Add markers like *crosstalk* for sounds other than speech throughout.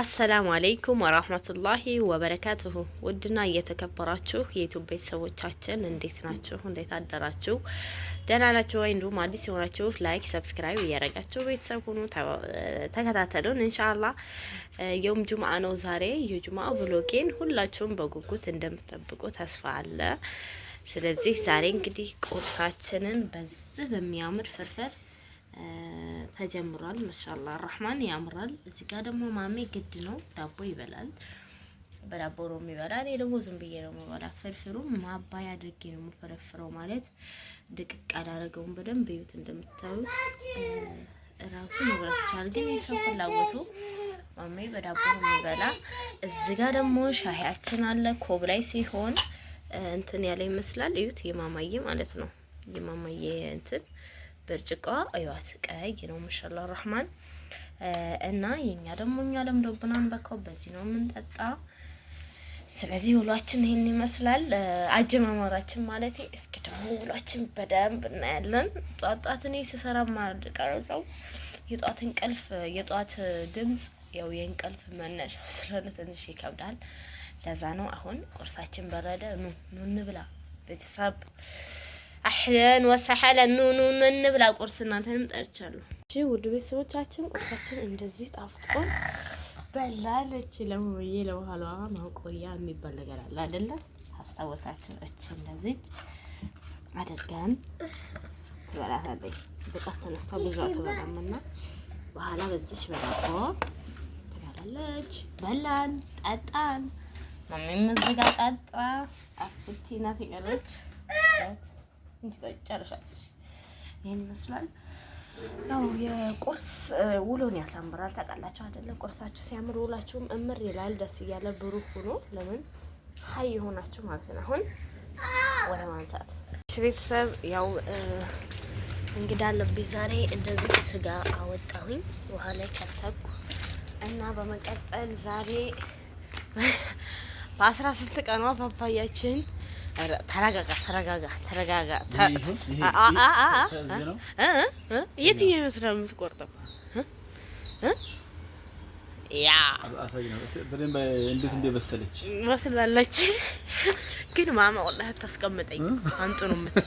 አሰላሙ አለይኩም ወራህመቱላሂ ወበረካቱሁ። ውድና እየተከበራችሁ የዩቱብ ቤተሰቦቻችን እንዴት ናችሁ? እንዴት አደራችሁ? ደህና ናችሁ ወይ? እንዲሁም አዲስ የሆናችሁ ላይክ፣ ሰብስክራይብ እያደረጋችሁ ቤተሰብ ሁኑ፣ ተከታተሉን። እንሻአላ የውም ጁምአ ነው ዛሬ። የጁምአ ብሎጌን ሁላችሁም በጉጉት እንደምትጠብቁ ተስፋ አለ። ስለዚህ ዛሬ እንግዲህ ቁርሳችንን በዚህ በሚያምር ፍርፍር ተጀምሯል። ማሻአላ አራህማን ያምራል። እዚህ ጋር ደግሞ ማሜ ግድ ነው ዳቦ ይበላል። በዳቦ ነው የሚበላ። እኔ ደግሞ ዝም ብዬ ነው የምበላ። ፍርፍሩ ማባያ አድርጌ ነው የምፈረፍረው ማለት ድቅቅ አላረገውም። በደንብ ቤት እንደምታዩት ራሱ መብላት ይቻላል፣ ግን የሰው ፍላጎቱ ማሜ በዳቦ ነው የሚበላ። እዚህ ጋር ደግሞ ሻሂያችን አለ። ኮብ ላይ ሲሆን እንትን ያለ ይመስላል። እዩት፣ የማማዬ ማለት ነው የማማዬ እንትን ብርጭቋ እዩዋት፣ ቀይ ነው ማሻአላ ረህማን። እና የኛ ደግሞ እኛ ለምዶብናን በካው በዚህ ነው የምንጠጣ። ስለዚህ ውሏችን ይህን ይመስላል፣ አጀማመራችን ማለት። እስኪ ደግሞ ውሏችን በደንብ እናያለን። ጧት ጧት እኔ ስሰራ ማድቀረው የጧት እንቅልፍ የጧት ድምፅ ያው የእንቅልፍ መነሻው *laughs* ስለሆነ ትንሽ ይከብዳል። ለዛ ነው አሁን ቁርሳችን በረደ። ኑ ኑ እንብላ ቤተሰብ አህለን ወሰሐለን ኑ ኑ እንብላ ቁርስ። እናንተንም ጠርቻለሁ። እሺ ውድ ቤተሰቦቻችን ቁርሳችን እንደዚህ ጣፍጦ በላለች። ለሙዬ ለኋላ ማቆያ የሚባል ነገር አለ አይደለ? አስታወሳችሁ? እች እንደዚህ አድርገን ትበላታለች። ብቃት ተነስታ ብዙ አትበላም እና በኋላ በዚች በዳቦ ትበላለች። በላን ጠጣን። ማሚም እዚህ ጋ ጠጣ። አፍቲ ናት የቀረች ጨርሻት። ይህን ይመስላል። ያው የቁርስ ውሎን ያሳምራል። ታውቃላችሁ አይደለ? ቁርሳችሁ ሲያምር ውላችሁም እምር ይላል። ደስ እያለ ብሩህ ሆኖ ለምን ሀይ የሆናችሁ ማለት ነው። አሁን ወደ ማንሳት ቤተሰብ ያው እንግዳ አለብኝ ዛሬ። እንደዚህ ስጋ አወጣሁኝ ውሃ ላይ ከተኩ እና በመቀጠል ዛሬ በአስራ ስንት ቀኗ ፓፓያችን ተረጋጋ ተረጋጋ ተረጋጋ። የትኛው ይመስላል የምትቆርጠው? ያ በደንብ እንዴት እንደበሰለች መስላለች። ግን ማማ ወላሂ ታስቀምጠኝ አንጡ ነው የምትል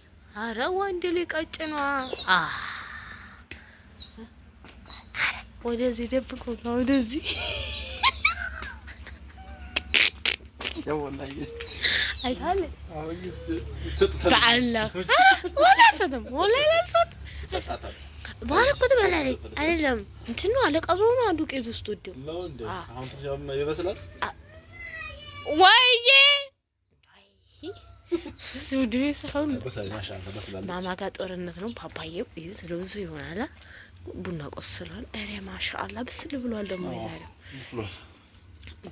አረ ወንድ ሊቀጭኗ አ ወደዚህ ደብቆ ነው ወደዚህ አይታለ ስውድ ሳሁን ማማ ጋር ጦርነት ነው። ፓፓዬ እዩት ለብዙ ይሆናል። ቡና ቆስሏል። እሬ ማሻአላ ብስል ብሏል። ደግሞ የዛሬው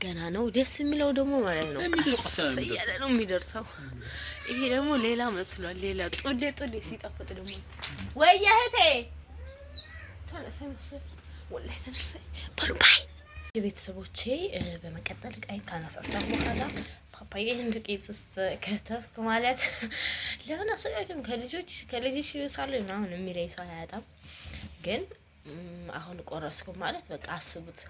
ገና ነው። ደስ የሚለው ደግሞ ማለት ነው ቀስ እያለ ነው የሚደርሰው። ይሄ ደግሞ ሌላ መስሏል። ሌላ ጡሌ ጡሌ ሲጣፈጥ ደግሞ ወየ እህቴ ተነሳይ መሰል ወላሂ ተነሳይ በሉ ባይ ቤተሰቦቼ በመቀጠል ቀይ ካነሳሳ በኋላ ፓፓዬን ዱቄት ውስጥ ከተስኩ ማለት ለምን አሰቃቂም ከልጆች ከልጅሽ ሳሉ ምናምን የሚለኝ ሰው አያጣም። ግን አሁን ቆረስኩ ማለት በቃ አስቡት፣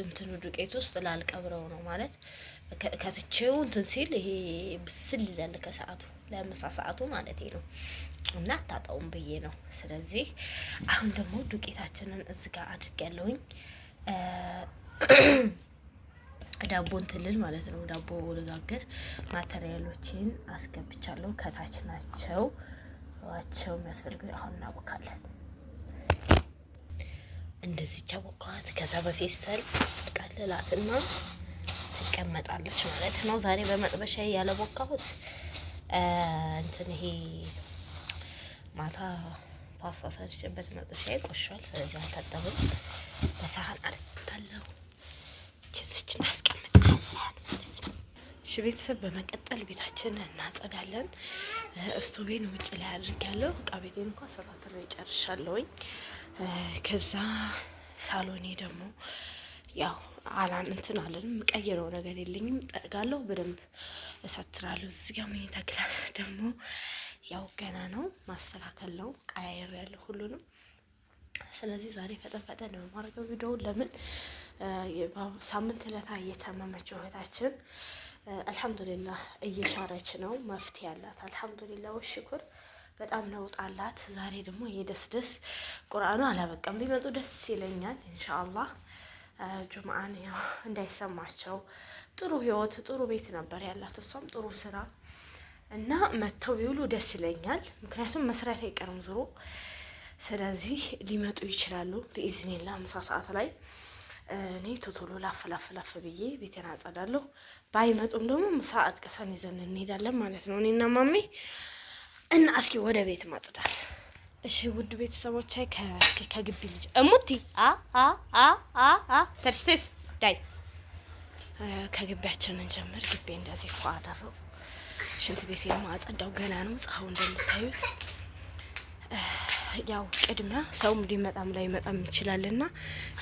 እንትኑ ዱቄት ውስጥ ላልቀብረው ነው ማለት ከትቼው እንትን ሲል ይሄ ብስል ይላል ከሰዓቱ ለምሳ ሰዓቱ ማለት ነው። እና አታጣውም ብዬ ነው። ስለዚህ አሁን ደግሞ ዱቄታችንን እዚህ ጋር አድርጌያለሁኝ። ዳቦ እንትልል ማለት ነው። ዳቦ ልጋግር ማቴሪያሎችን አስገብቻለሁ። ከታች ናቸው ዋቸው የሚያስፈልገው አሁን እናቦካለን። እንደዚህ ቻቦካት ከዛ በፌስተል ቀልላትና ትቀመጣለች ማለት ነው። ዛሬ በመጥበሻ ያለቦካሁት እንትን ይሄ ማታ ፓስታ ሰርቼበት መጥበሻ ቆሻል። ስለዚህ አልታጠብም። በሳህን አድርጌታለሁ። እሺ ቤተሰብ በመቀጠል ቤታችን እናጸዳለን። እስቶቤን ውጭ ላይ አድርጊያለሁ። እቃ ቤቴን እንኳ ሰባትሮ ይጨርሻለሁኝ። ከዛ ሳሎኔ ደግሞ ያው አላን እንትን አለን የምቀይረው ነገር የለኝም። ጠርጋለሁ፣ በደንብ እሰትራለሁ። እዚጋ መኝታ ክላስ ደግሞ ያው ገና ነው፣ ማስተካከል ነው። ቀያየር ያለው ሁሉንም ስለዚህ ዛሬ ፈጠን ፈጠን ነው የማደርገው ቪዲዮውን። ለምን ሳምንት ዕለታ እየተመመችው እህታችን አልሐምዱሊላህ እየሻረች ነው። መፍትሄ አላት። አልሐምዱሊላህ ወሽኩር በጣም ነውጥ አላት። ዛሬ ደግሞ የደስ ደስ ቁርአኑ አላበቀም፣ ቢመጡ ደስ ይለኛል ኢንሻአላህ። ጁምአን ያው እንዳይሰማቸው ጥሩ ህይወት ጥሩ ቤት ነበር ያላት እሷም ጥሩ ስራ እና መተው ቢውሉ ደስ ይለኛል። ምክንያቱም መስራት አይቀርም ዙሮ። ስለዚህ ሊመጡ ይችላሉ በኢዝኒላህ ምሳ ሰዓት ላይ እኔ ቶቶሎ ላፍ ላፍ ላፍ ብዬ ቤቴን አጸዳለሁ። ባይመጡም ደግሞ ምሳ አጥቅሰን ይዘን እንሄዳለን ማለት ነው እኔና ማሜ እና እስኪ ወደ ቤት ማጽዳት። እሺ ውድ ቤተሰቦች ከእስኪ ከግቢ ልጅ እሙቲ አ አ አ አ አ ዳይ ከግቢያችን እንጀምር። ግቢ እንደዚህ ፏ አደረው። ሽንት ቤት የማጸዳው ገና ነው። ፀሐው እንደምታዩት ያው ቅድሚያ ሰውም ሊመጣም ላይመጣም እና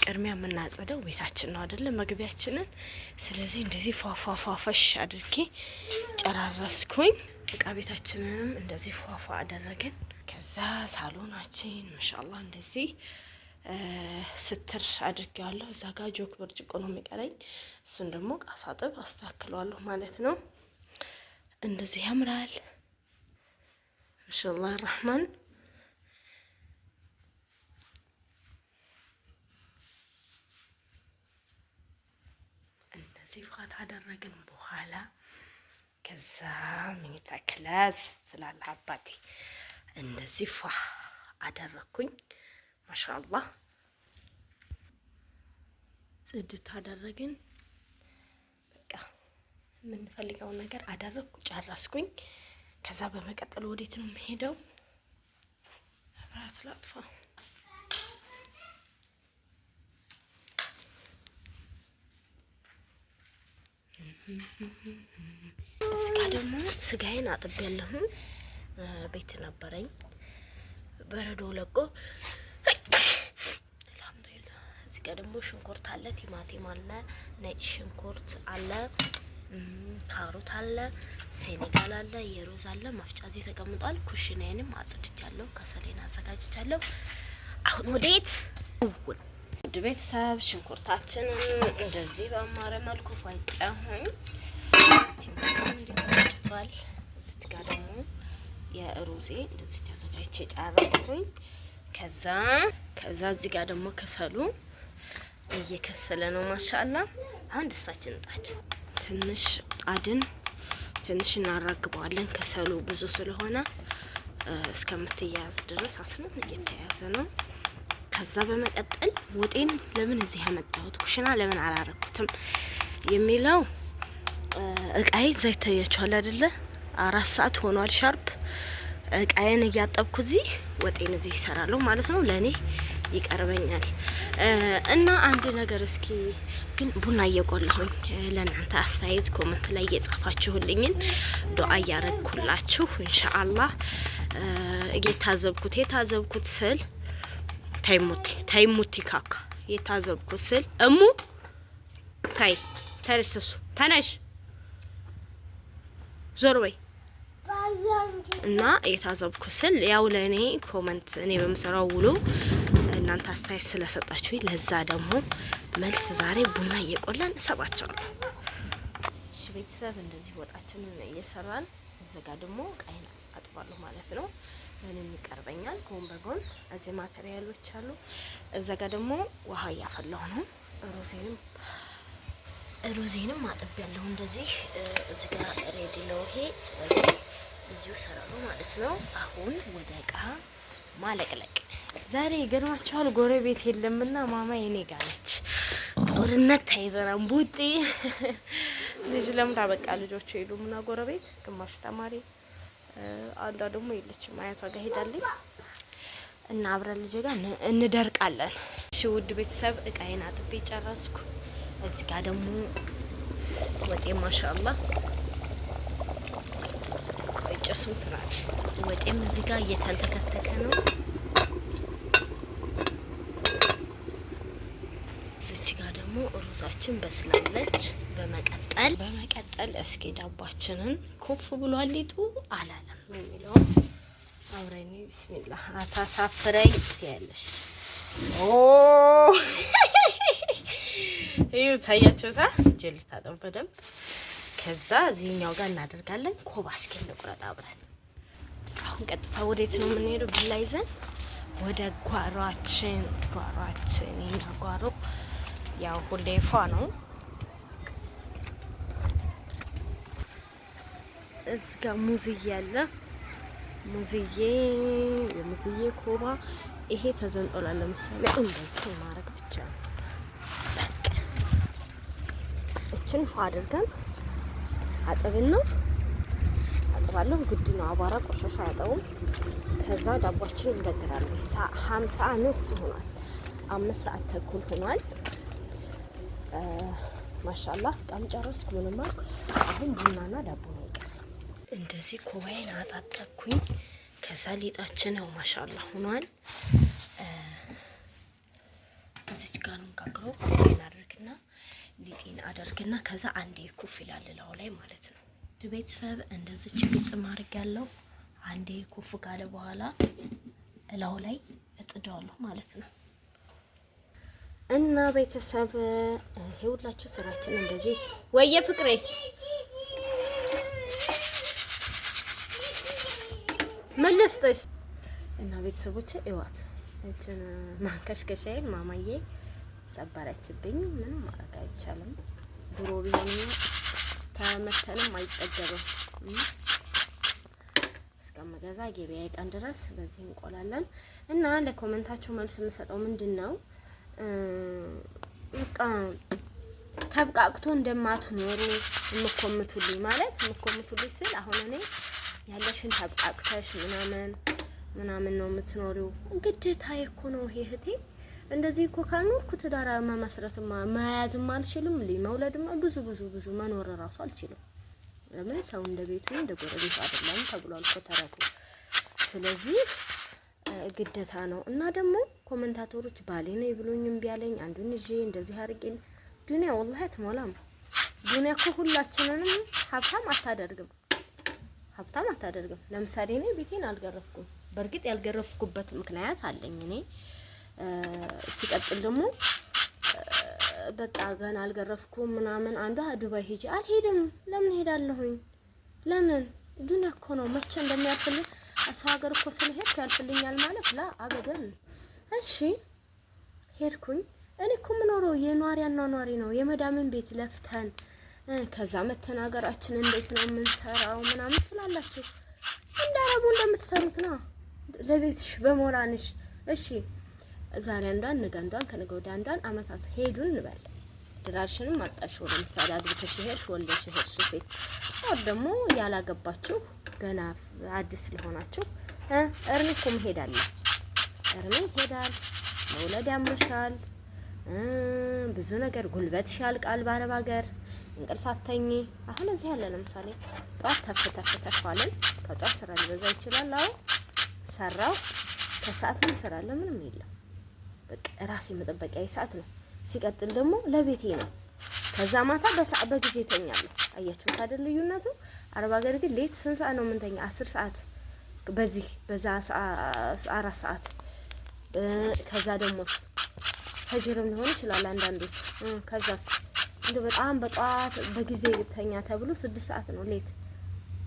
ቅድሚያ የምናጸደው ቤታችን ነው አደለ? መግቢያችንን። ስለዚህ እንደዚህ ፏፏፏፈሽ አድርጌ ጨራረስኩኝ። እቃ ቤታችንንም እንደዚህ ፏፏ አደረግን። ከዛ ሳሎናችን ማሻላ እንደዚህ ስትር አድርጌዋለሁ። እዛ ጋ ጆክ ብርጭቆ ነው የሚቀረኝ። እሱን ደግሞ ቃሳጥብ አስተካክለዋለሁ ማለት ነው። እንደዚህ ያምራል። ማሻላ ራህማን እስቲፍራ ታደረግን በኋላ ከዛ መኝታ ክላስ ስላለ አባቴ እንደዚህ ፋ አደረግኩኝ። ማሻአላህ ጽድት አደረግን። በቃ የምንፈልገው ነገር አደረግኩ፣ ጨረስኩኝ። ከዛ በመቀጠል ወዴት ነው የምሄደው? መብራት ላጥፋ። እዚጋ ደግሞ ስጋዬን አጥቤያለሁ። ቤት ነበረኝ በረዶ ለቆ አልሐምዱሊላህ። እዚጋ ደግሞ ሽንኩርት አለ፣ ቲማቲም አለ፣ ነጭ ሽንኩርት አለ፣ ካሮት አለ፣ ሴኔጋል አለ፣ የሮዝ አለ። መፍጫ እዚህ ተቀምጧል። ኩሽናዬንም አጽድቻለሁ፣ ከሰሌን አዘጋጅቻለሁ። አሁን ወዴት ነው ውድ ቤተሰብ ሽንኩርታችንን እንደዚህ በአማረ መልኩ ፏጫሁኝ። ቲማቲም እንዴት ተፈጭቷል። እዚች ጋር ደግሞ የሩዜ እንደዚህ ተዘጋጅቼ ጨረስኩኝ። ከዛ ከዛ እዚህ ጋር ደግሞ ከሰሉ እየከሰለ ነው። ማሻአላ አንድ እሳችን ጣድ ትንሽ ጣድን ትንሽ እናራግበዋለን። ከሰሉ ብዙ ስለሆነ እስከምትያያዝ ድረስ አስነን እየተያያዘ ነው። ከዛ በመቀጠል ወጤን ለምን እዚህ ያመጣሁት ኩሽና ለምን አላረኩትም የሚለው እቃዬ እዛ ይታያችኋል አይደለ? አራት ሰዓት ሆኗል ሻርፕ። እቃዬን እያጠብኩ እዚህ ወጤን እዚህ ይሰራለሁ ማለት ነው። ለእኔ ይቀርበኛል እና አንድ ነገር እስኪ ግን ቡና እየቆላሁኝ ለእናንተ አስተያየት ኮመንት ላይ እየጻፋችሁልኝን ዱአ እያረግኩላችሁ እንሻአላህ እየታዘብኩት የታዘብኩት ስል ታይሙቲ ታይሙቲ ካካ የታዘብኩ ስል እሙ ታይ ተረሰሱ ተነሽ ዞር በይ እና የታዘብኩ ስል ያው ለእኔ ኮመንት እኔ በምሰራው ውሎ እናንተ አስተያየት ስለሰጣችሁ ለዛ ደግሞ መልስ ዛሬ ቡና እየቆላን እሰጣቸዋለሁ። እሺ ቤተሰብ እንደዚህ ወጣችንን እየሰራን እዚጋ ደግሞ ቃይን አጥባለሁ ማለት ነው። ለእኔም ይቀርበኛል። ጎን በጎን እዚህ ማቴሪያሎች አሉ። እዛ ጋር ደግሞ ውሃ እያፈላሁ ነው። ሩዜንም ሩዜንም ማጠብ ያለሁ እንደዚህ እዚህ ጋር ሬዲ ነው ይሄ። ስለዚህ እዚሁ ሰራሉ ማለት ነው። አሁን ወደ እቃ ማለቅለቅ። ዛሬ ይገርማችኋል ጎረቤት የለምና ማማ የኔ ጋ ነች። ጦርነት ተይዘናል። ቡጢ ልጅ ለምን አበቃ ልጆቹ የሉምና ጎረቤት ግማሹ ተማሪ አንዷ ደግሞ የለችም አያቷ ጋር ሄዳለኝ እና አብረን ልጅ ጋር እንደርቃለን። እሺ ውድ ቤተሰብ እቃዬን አጥቤ ጨረስኩ። እዚህ ጋር ደግሞ ወጤ ማሻአላ ጭሱ ትናል። ወጤም እዚህ ጋር እየተንተከተከ ነው። ደግሞ ሩዛችን በስላለች በመቀጠል በመቀጠል እስኪ ዳቧችንን ኮፍ ብሏል ሊጡ አላለም የሚለውን አብረኒ ቢስሚላ አታሳፍረኝ ትያለሽ። ኦ ይሁ ታያችሁታ። እጄ ልታጠብ በደንብ ከዛ እዚህኛው ጋር እናደርጋለን። ኮባ እስኪ እንቁረጥ አብረን። አሁን ቀጥታ ወዴት ነው የምንሄደው? ብላይዘን ወደ ጓሯችን ጓሯችን ጓሮ ያው ሁሌ ፏ ነው። እዚህ ጋር ሙዝዬ አለ። ሙዝዬ የሙዝዬ ኮባ ይሄ ተዘንጦላል። ለምሳሌ እንደዚህ ማድረግ ብቻ ነው። እችን ፏ አድርገን አጥብና አጥባለሁ። ግድ ነው፣ አቧራ ቆሻሻ አያጠቡም። ከዛ ዳቧችን እንገግራለን። ሀምሳ አምስት ሆኗል። አምስት ሰዓት ተኩል ሆኗል። ማሻላ ቃም ጨረስኩ። ምንም አልኩ። አሁን ቡናና ዳቦ ነው ይቀር። እንደዚህ ኮባይን አጣጠኩኝ። ከዛ ሊጣችን ነው ማሻላ ሆኗል። እዚች ጋር ነው ጋግረው ኮባይን አድርግና ሊጤን አደርግና ከዛ አንዴ ኩፍ ይላል ላው ላይ ማለት ነው። ቤተሰብ እንደዚች ግጥም አድርግ ያለው አንዴ ኩፍ ካለ በኋላ እላው ላይ እጥደዋለሁ ማለት ነው። እና ቤተሰብ ይኸውላችሁ ስራችን እንደዚህ ወየ ፍቅሬ ምን እና ቤተሰቦች እዋት እችን ማንከሽከሻዬን ማማዬ ሰበረችብኝ። ምንም ማድረግ አይቻልም። ድሮ ቢሆን ተመተንም አይጠገብም። እስከምገዛ ገበያ ቀን ድረስ በዚህ እንቆላለን እና ለኮመንታችሁ መልስ የምሰጠው ምንድን ነው በቃ ተብቃቅቶ እንደማትኖሩ የምኮምቱልኝ ማለት የምኮምቱልኝ ስል አሁን እኔ ያለሽን ተብቃቅተሽ ምናምን ምናምን ነው የምትኖሪው። ግዴታ እኮ ነው ይሄ እህቴ። እንደዚህ እኮ ካልኖርኩ ትዳር መመስረትማ መያዝም አልችልም፣ መውለድማ ብዙ ብዙ ብዙ መኖር እራሱ አልችልም። ለምን ሰው እንደ ቤቱ እንደ ጎረቤቱ አይደለም ተብሏል እኮ ተረቱ። ስለዚህ ግደታ ነው እና ደግሞ ኮመንታተሮች ባሌ ነው ይብሎኝም ቢያለኝ አንዱን ይዤ እንደዚህ አድርጌን ዱኒያ ወላሂ አትሞላም። ዱኒያ እኮ ሁላችንንም ሀብታም አታደርግም፣ ሀብታም አታደርግም። ለምሳሌ እኔ ቤቴን አልገረፍኩም። በእርግጥ ያልገረፍኩበት ምክንያት አለኝ። እኔ ሲቀጥል ደግሞ በቃ ገና አልገረፍኩም ምናምን። አንዷ ዱባይ ሄጄ አልሄድም። ለምን ሄዳለሁኝ? ለምን ዱኒያ እኮ ነው መቼ እንደሚያልፍልን ሰው ሀገር እኮ ስለሄድክ ያልፍልኛል ማለት ላ አበደን። እሺ ሄድኩኝ። እኔ እኮ የምኖረው የኗሪ አኗኗሪ ነው። የመዳምን ቤት ለፍተን ከዛ መተናገራችን እንዴት ነው የምንሰራው ምናምን ትላላችሁ። እንዳረቡ እንደምትሰሩት ነው ለቤትሽ በሞራንሽ። እሺ ዛሬ አንዷን ነገ አንዷን ከነገ ወዲያ አንዷን አመታቱ ሄዱን እንበል። ድራሽንም አጣሽ። ምሳሌ አግብተሽ ሄድሽ ወልደሽ ሄድሽ ሴት ሀሳብ ደግሞ ያላገባችሁ ገና አዲስ ስለሆናችሁ እርሜ እኮ መሄድ አለ። ይሄዳል፣ መውለድ ያምርሻል፣ ብዙ ነገር ጉልበትሽ ያልቃል። በአረብ ሀገር እንቅልፍ አተኝ። አሁን እዚህ ያለ ለምሳሌ ጧት ተፍ ተፍ ተፍ አለን። ከጧት ስራ ሊበዛ ይችላል። አዎ ሰራው፣ ከሰዓት ምን እሰራለሁ? ምንም የለም። በቃ ራሴ መጠበቂያ ሰዓት ነው። ሲቀጥል ደግሞ ለቤቴ ነው። ከዛ ማታ በሰዓት በጊዜ ይተኛሉ። አያችሁት አይደል ልዩነቱ? አረብ ሀገር ግን ሌት ስንት ሰዓት ነው የምንተኛ? አስር ሰዓት በዚህ በዛ አራት ሰዓት ከዛ ደግሞ ተጅርም ሊሆን ይችላል አንዳንዶች። ከዛ እንደ በጣም በጠዋት በጊዜ ተኛ ተብሎ ስድስት ሰዓት ነው ሌት።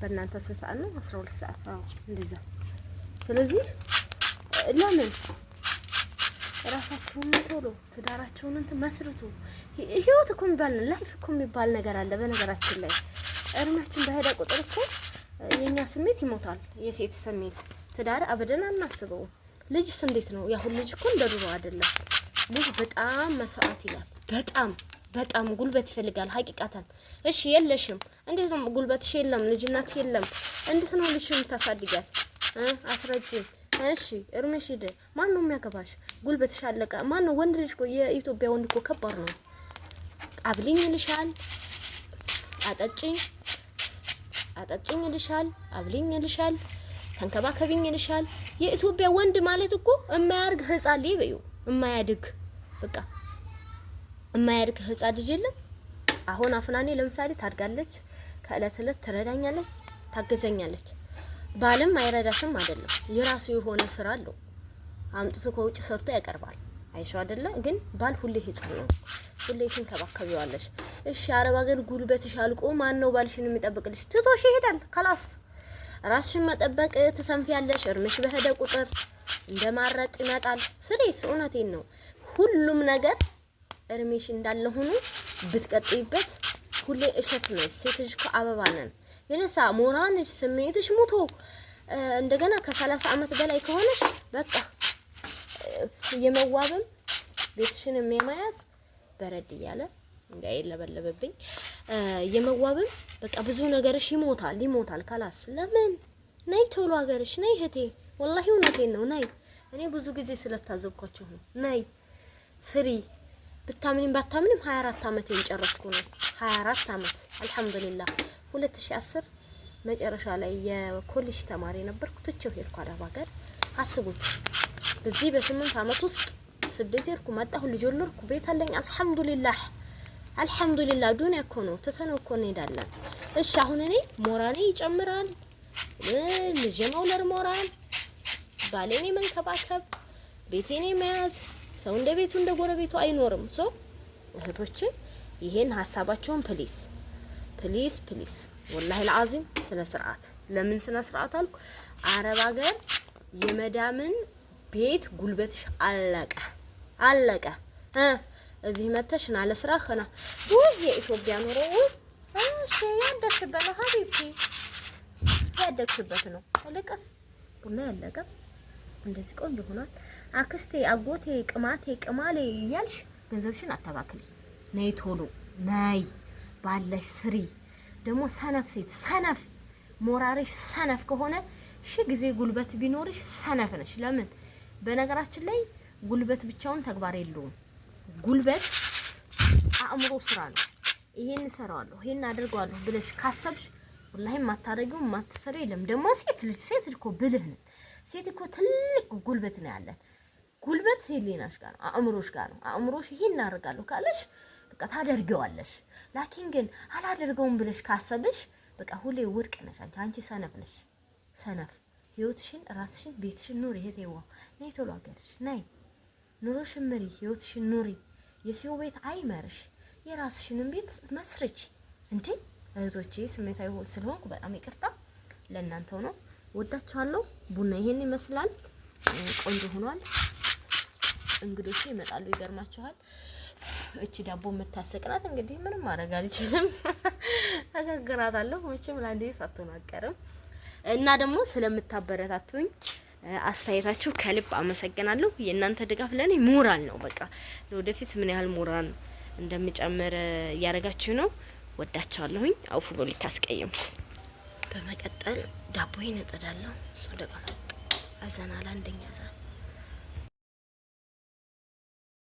በእናንተ ስንት ሰዓት ነው? አስራ ሁለት ሰዓት። እንደዛ። ስለዚህ ለምን ራሳችሁን ቶሎ ትዳራችሁን እንትን መስርቱ። ህይወት እኮ የሚባል ላይፍ እኮ የሚባል ነገር አለ። በነገራችን ላይ እድሜያችን በሄደ ቁጥር እኮ የእኛ ስሜት ይሞታል፣ የሴት ስሜት። ትዳር አብደና አናስበው። ልጅስ እንዴት ነው? ያሁን ልጅ እኮ እንደ ድሮ አይደለም። ልጅ በጣም መስዋዕት ይላል። በጣም በጣም ጉልበት ይፈልጋል። ሀቂቃታን እሺ፣ የለሽም። እንዴት ነው ጉልበትሽ የለም፣ ልጅነት የለም። እንዴት ነው ልጅሽ የምታሳድጋት? አስረጅም። እሺ፣ እርምሽ ሂድ። ማን ነው የሚያገባሽ? ጉልበትሽ አለቀ። ማን ነው ወንድ ልጅ? የኢትዮጵያ ወንድ እኮ ከባድ ነው። አብልኝ ይልሻል፣ አጠጪ አጠጪኝ ይልሻል፣ አብልኝ ይልሻል፣ ተንከባከቢኝ ይልሻል። የኢትዮጵያ ወንድ ማለት እኮ የማያርግ ህፃን ልጅ በዩ የማያድግ በቃ የማያድግ ህፃን ልጅ የለም። አሁን አፍናኔ ለምሳሌ ታድጋለች፣ ከእለት እለት ትረዳኛለች፣ ታገዘኛለች። ባልም አይረዳሽም አይደለም፣ የራሱ የሆነ ስራ አለው። አምጥቶ ከውጭ ሰርቶ ያቀርባል። አይሻ አይደለ? ግን ባል ሁሌ ህፃን ነው፣ ሁሌ ትንከባከቢዋለሽ። እሺ አረብ ሀገር ጉልበትሽ አልቆ ማን ነው ባልሽን የሚጠብቅልሽ? ትቶሽ ይሄዳል። ከላስ ራስሽን መጠበቅ ትሰንፊያለሽ። እርምሽ በሄደ ቁጥር እንደማረጥ ይመጣል። ስሬስ እውነቴን ነው። ሁሉም ነገር እርሜሽ እንዳለ ሆኖ ብትቀጥይበት ሁሌ እሸት ነሽ። ሴትሽ እኮ አበባ ነን። ግን ሞራንሽ ስሜትሽ ሙቶ እንደገና ከሰላሳ አመት በላይ ከሆነሽ በቃ የመዋብም ቤትሽንም የመያዝ በረድ እያለ እንዳይለበለብብኝ የመዋብም በቃ ብዙ ነገርሽ ይሞታል ይሞታል። ካላስ ለምን ነይ ቶሎ ሀገርሽ ነይ እህቴ፣ ወላሂ እውነቴን ነው ነይ። እኔ ብዙ ጊዜ ስለታዘብኳችሁ ነው ነይ ስሪ ብታምንም ባታምንም 24 ዓመት የጨረስኩ ነው 24 ዓመት አልহামዱሊላህ 2010 መጨረሻ ላይ የኮሌጅ ተማሪ ነበርኩ ትቼው ሄድኩ አረብ ሀገር አስቡት በዚህ በስምንት አመት ውስጥ ስደት ሄድኩ መጣሁ፣ ልጅ ወለድኩ፣ ቤት አለኝ። አልሐምዱሊላህ አልሐምዱሊላህ። ዱንያ እኮ ነው ትተነው እኮ እንሄዳለን። እሺ አሁን እኔ ሞራኔ ይጨምራል፣ ልጅ መውለድ ሞራል፣ ባሌኔ መንከባከብ፣ ቤቴኔ መያዝ፣ ሰው እንደ ቤቱ እንደ ጎረቤቱ አይኖርም። ሶ እህቶቼ ይሄን ሀሳባቸውን ፕሊስ ፕሊስ ፕሊስ ወላሂ ለአዚም ስነ ስርዓት። ለምን ስነ ስርዓት አልኩ? አረብ ሀገር የመዳምን ቤት ጉልበትሽ አለቀ አለቀ። እዚህ መተሽ ና ለስራ ኸና ውይ የኢትዮጵያ ኑሮ ውይ እሺ፣ ያደግሽበት ነው ሀቢብቲ፣ ያደግሽበት ነው። ልቅስ ቡና ያለቀ እንደዚህ ቆንጆ ሆኗል። አክስቴ፣ አጎቴ፣ ቅማቴ፣ ቅማሌ እያልሽ ገንዘብሽን አታባክሊ። ነይ ቶሎ ነይ፣ ባለሽ ስሪ። ደግሞ ሰነፍ ሴት ሰነፍ ሞራሪሽ ሰነፍ ከሆነ ሺ ጊዜ ጉልበት ቢኖርሽ ሰነፍ ነሽ። ለምን በነገራችን ላይ ጉልበት ብቻውን ተግባር የለውም። ጉልበት አእምሮ ስራ ነው። ይሄን እሰራዋለሁ፣ ይሄን አድርገዋለሁ ብለሽ ካሰብሽ ወላሂ የማታደርጊው የማትሰሪው የለም። ደግሞ ሴት ልጅ ሴት እኮ ብልህ ነን። ሴት እኮ ትልቅ ጉልበት ነው ያለን። ጉልበት ሄሌናሽ ጋር ነው፣ አእምሮሽ ጋር ነው። አእምሮሽ ይሄን እናደርጋለሁ ካለሽ በቃ ታደርጊዋለሽ። ላኪን ግን አላደርገውም ብለሽ ካሰብሽ በቃ ሁሌ ውድቅ ነሽ አንቺ። አንቺ ሰነፍ ነሽ፣ ሰነፍ ህይወትሽን፣ ራስሽን፣ ቤትሽን ኑሪ። እህቴዋ ነይ ቶሎ አገርሽ ነይ ኑሮሽ ምሪ፣ ህይወትሽን ኑሪ። የሰው ቤት አይመርሽ፣ የራስሽንም ቤት መስርች። እንዲ እህቶቼ ስሜታዊ ስለሆንኩ በጣም ይቅርታ፣ ለእናንተው ነው። ወዳችኋለሁ። ቡና ይሄን ይመስላል። ቆንጆ ሆኗል። እንግዶቹ ይመጣሉ። ይገርማችኋል። እቺ ዳቦ የምታሰቅናት እንግዲህ ምንም ማድረግ አልችልም። *laughs* አጋግራታለሁ። መቼም ለአንዴ ሳትሆን አትቀርም። እና ደግሞ ስለምታበረታቱኝ አስተያየታችሁ ከልብ አመሰግናለሁ። የእናንተ ድጋፍ ለእኔ ሞራል ነው። በቃ ለወደፊት ምን ያህል ሞራል እንደምጨምር እያደረጋችሁ ነው። ወዳቸዋለሁኝ። አውፉ በሉ ታስቀየምኩ። በመቀጠል ዳቦዬን እጥዳለሁ። እሱ ደግሞ አዘናል አንደኛ ዛል